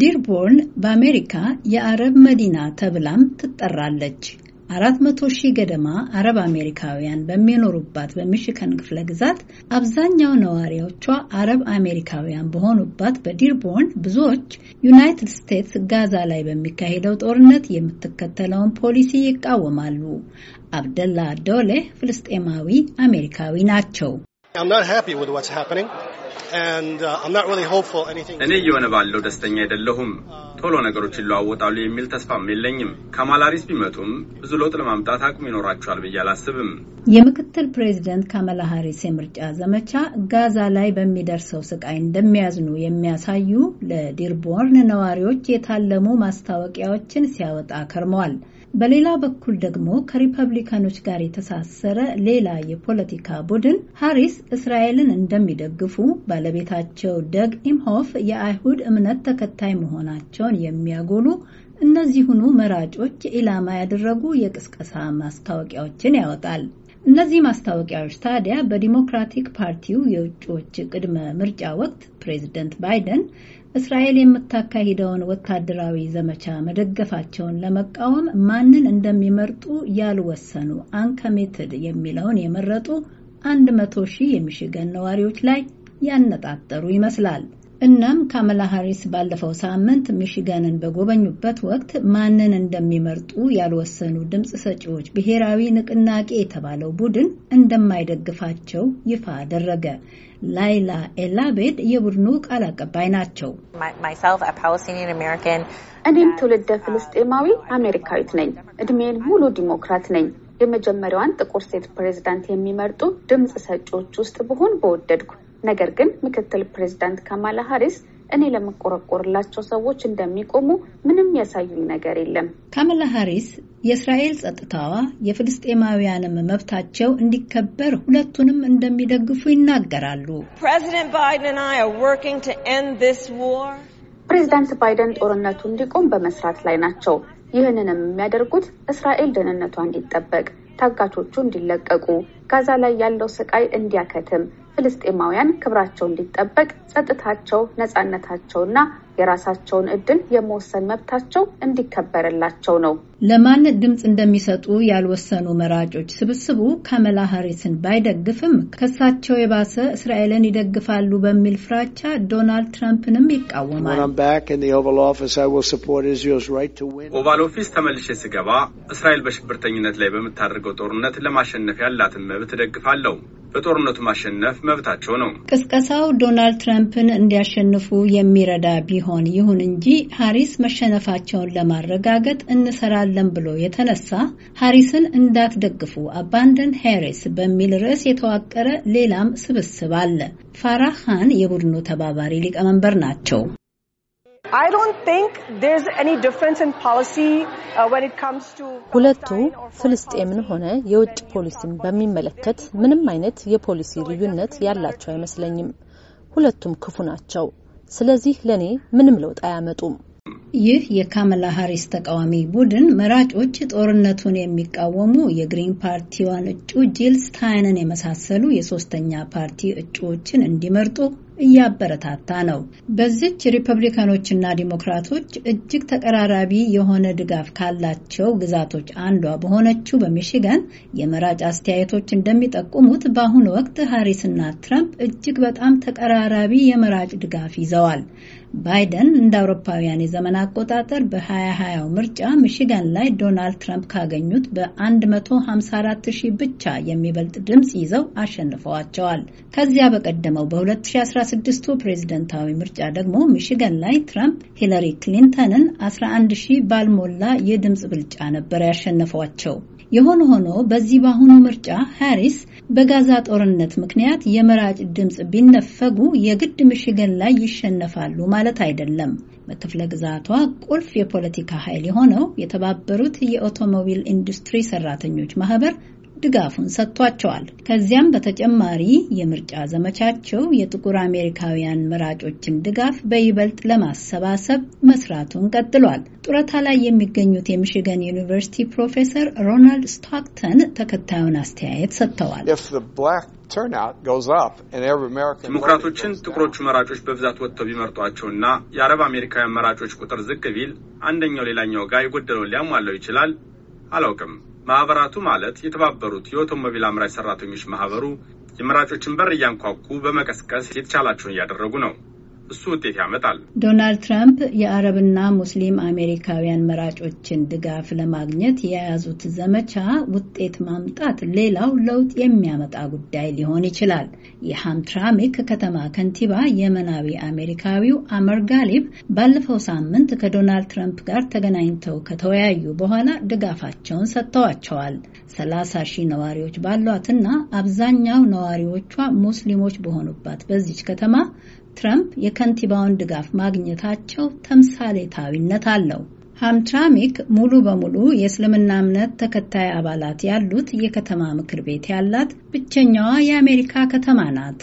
ዲርቦርን በአሜሪካ የአረብ መዲና ተብላም ትጠራለች። አራት መቶ ሺህ ገደማ አረብ አሜሪካውያን በሚኖሩባት በሚሽከን ክፍለ ግዛት አብዛኛው ነዋሪዎቿ አረብ አሜሪካውያን በሆኑባት በዲርቦርን ብዙዎች ዩናይትድ ስቴትስ ጋዛ ላይ በሚካሄደው ጦርነት የምትከተለውን ፖሊሲ ይቃወማሉ። አብደላ ዶሌ ፍልስጤማዊ አሜሪካዊ ናቸው። Uh, እኔ እየሆነ ባለው ደስተኛ አይደለሁም። ቶሎ ነገሮች ይለዋወጣሉ የሚል ተስፋም የለኝም። ካማላ ሃሪስ ቢመጡም ብዙ ለውጥ ለማምጣት አቅም ይኖራቸዋል ብዬ አላስብም። የምክትል ፕሬዚደንት ካማላ ሃሪስ የምርጫ ዘመቻ ጋዛ ላይ በሚደርሰው ስቃይ እንደሚያዝኑ የሚያሳዩ ለዲርቦርን ነዋሪዎች የታለሙ ማስታወቂያዎችን ሲያወጣ ከርመዋል። በሌላ በኩል ደግሞ ከሪፐብሊካኖች ጋር የተሳሰረ ሌላ የፖለቲካ ቡድን ሃሪስ እስራኤልን እንደሚደግፉ ባለቤታቸው ደግ ኢምሆፍ የአይሁድ እምነት ተከታይ መሆናቸውን የሚያጎሉ እነዚሁኑ መራጮች ኢላማ ያደረጉ የቅስቀሳ ማስታወቂያዎችን ያወጣል። እነዚህ ማስታወቂያዎች ታዲያ በዲሞክራቲክ ፓርቲው የውጭዎች ቅድመ ምርጫ ወቅት ፕሬዚደንት ባይደን እስራኤል የምታካሂደውን ወታደራዊ ዘመቻ መደገፋቸውን ለመቃወም ማንን እንደሚመርጡ ያልወሰኑ አንከሜትድ የሚለውን የመረጡ አንድ መቶ ሺህ የሚሽገን ነዋሪዎች ላይ ያነጣጠሩ ይመስላል። እናም ካመላ ሃሪስ ባለፈው ሳምንት ሚሽጋንን በጎበኙበት ወቅት ማንን እንደሚመርጡ ያልወሰኑ ድምፅ ሰጪዎች ብሔራዊ ንቅናቄ የተባለው ቡድን እንደማይደግፋቸው ይፋ አደረገ። ላይላ ኤላቤድ የቡድኑ ቃል አቀባይ ናቸው። እኔም ትውልደ ፍልስጤማዊ አሜሪካዊት ነኝ። እድሜን ሙሉ ዲሞክራት ነኝ። የመጀመሪያዋን ጥቁር ሴት ፕሬዝዳንት የሚመርጡ ድምፅ ሰጪዎች ውስጥ ብሆን በወደድኩ ነገር ግን ምክትል ፕሬዚዳንት ካማላ ሀሪስ እኔ ለመቆረቆርላቸው ሰዎች እንደሚቆሙ ምንም ያሳዩኝ ነገር የለም። ካማላ ሀሪስ የእስራኤል ጸጥታዋ የፍልስጤማውያንም መብታቸው እንዲከበር ሁለቱንም እንደሚደግፉ ይናገራሉ። ፕሬዚዳንት ባይደን ጦርነቱ እንዲቆም በመስራት ላይ ናቸው። ይህንንም የሚያደርጉት እስራኤል ደህንነቷ እንዲጠበቅ፣ ታጋቾቹ እንዲለቀቁ ጋዛ ላይ ያለው ስቃይ እንዲያከትም ፍልስጤማውያን ክብራቸው እንዲጠበቅ ጸጥታቸው፣ ነጻነታቸውና የራሳቸውን እድል የመወሰን መብታቸው እንዲከበርላቸው ነው። ለማን ድምፅ እንደሚሰጡ ያልወሰኑ መራጮች ስብስቡ ካመላ ሀሪስን ባይደግፍም ከሳቸው የባሰ እስራኤልን ይደግፋሉ በሚል ፍራቻ ዶናልድ ትራምፕንም ይቃወማል። ኦቫል ኦፊስ ተመልሼ ስገባ እስራኤል በሽብርተኝነት ላይ በምታደርገው ጦርነት ለማሸነፍ ያላትን መብት ደግፋለሁ። በጦርነቱ ማሸነፍ መብታቸው ነው። ቅስቀሳው ዶናልድ ትራምፕን እንዲያሸንፉ የሚረዳ ቢሆን ይሁን እንጂ ሀሪስ መሸነፋቸውን ለማረጋገጥ እንሰራለን ብሎ የተነሳ ሀሪስን እንዳትደግፉ አባንደን ሄሪስ በሚል ርዕስ የተዋቀረ ሌላም ስብስብ አለ። ፋራ ካን የቡድኑ ተባባሪ ሊቀመንበር ናቸው። Uh, ሁለቱ ፍልስጤምን ሆነ የውጭ ፖሊሲን በሚመለከት ምንም አይነት የፖሊሲ ልዩነት ያላቸው አይመስለኝም። ሁለቱም ክፉ ናቸው። ስለዚህ ለእኔ ምንም ለውጥ አያመጡም። ይህ የካመላ ሀሪስ ተቃዋሚ ቡድን መራጮች ጦርነቱን የሚቃወሙ የግሪን ፓርቲዋን እጩ ጂል ስታይንን የመሳሰሉ የሶስተኛ ፓርቲ እጩዎችን እንዲመርጡ እያበረታታ ነው። በዚች ሪፐብሊካኖችና ዲሞክራቶች እጅግ ተቀራራቢ የሆነ ድጋፍ ካላቸው ግዛቶች አንዷ በሆነችው በሚሽገን የመራጭ አስተያየቶች እንደሚጠቁሙት በአሁኑ ወቅት ሃሪስና ትራምፕ እጅግ በጣም ተቀራራቢ የመራጭ ድጋፍ ይዘዋል። ባይደን እንደ አውሮፓውያን የዘመን አቆጣጠር በ2020 ምርጫ ሚሽጋን ላይ ዶናልድ ትራምፕ ካገኙት በ154 ሺህ ብቻ የሚበልጥ ድምፅ ይዘው አሸንፈዋቸዋል። ከዚያ በቀደመው በ 2016 ፕሬዝደንታዊ ምርጫ ደግሞ ሚሽጋን ላይ ትራምፕ ሂለሪ ክሊንተንን 11 ሺህ ባልሞላ የድምፅ ብልጫ ነበር ያሸነፏቸው። የሆነ ሆኖ በዚህ በአሁኑ ምርጫ ሃሪስ በጋዛ ጦርነት ምክንያት የመራጭ ድምፅ ቢነፈጉ የግድ ምሽገን ላይ ይሸነፋሉ ማለት አይደለም። በክፍለ ግዛቷ ቁልፍ የፖለቲካ ኃይል የሆነው የተባበሩት የኦቶሞቢል ኢንዱስትሪ ሰራተኞች ማህበር ድጋፉን ሰጥቷቸዋል። ከዚያም በተጨማሪ የምርጫ ዘመቻቸው የጥቁር አሜሪካውያን መራጮችን ድጋፍ በይበልጥ ለማሰባሰብ መስራቱን ቀጥሏል። ጡረታ ላይ የሚገኙት የሚሽገን ዩኒቨርሲቲ ፕሮፌሰር ሮናልድ ስቶክተን ተከታዩን አስተያየት ሰጥተዋል። ዲሞክራቶችን ጥቁሮቹ መራጮች በብዛት ወጥተው ቢመርጧቸውና የአረብ አሜሪካውያን መራጮች ቁጥር ዝቅ ቢል አንደኛው ሌላኛው ጋር የጎደለውን ሊያሟላው ይችላል። አላውቅም። ማህበራቱ ማለት የተባበሩት የኦቶሞቢል አምራች ሰራተኞች ማህበሩ የመራጮችን በር እያንኳኩ በመቀስቀስ የተቻላቸውን እያደረጉ ነው። እሱ ውጤት ያመጣል። ዶናልድ ትራምፕ የአረብና ሙስሊም አሜሪካውያን መራጮችን ድጋፍ ለማግኘት የያዙት ዘመቻ ውጤት ማምጣት ሌላው ለውጥ የሚያመጣ ጉዳይ ሊሆን ይችላል። የሃምትራሚክ ከተማ ከንቲባ የመናዊ አሜሪካዊው አመር ጋሊብ ባለፈው ሳምንት ከዶናልድ ትራምፕ ጋር ተገናኝተው ከተወያዩ በኋላ ድጋፋቸውን ሰጥተዋቸዋል። ሰላሳ ሺህ ነዋሪዎች ባሏትና አብዛኛው ነዋሪዎቿ ሙስሊሞች በሆኑባት በዚች ከተማ ትረምፕ የከንቲባውን ድጋፍ ማግኘታቸው ተምሳሌታዊነት አለው። ሃምትራሚክ ሙሉ በሙሉ የእስልምና እምነት ተከታይ አባላት ያሉት የከተማ ምክር ቤት ያላት ብቸኛዋ የአሜሪካ ከተማ ናት።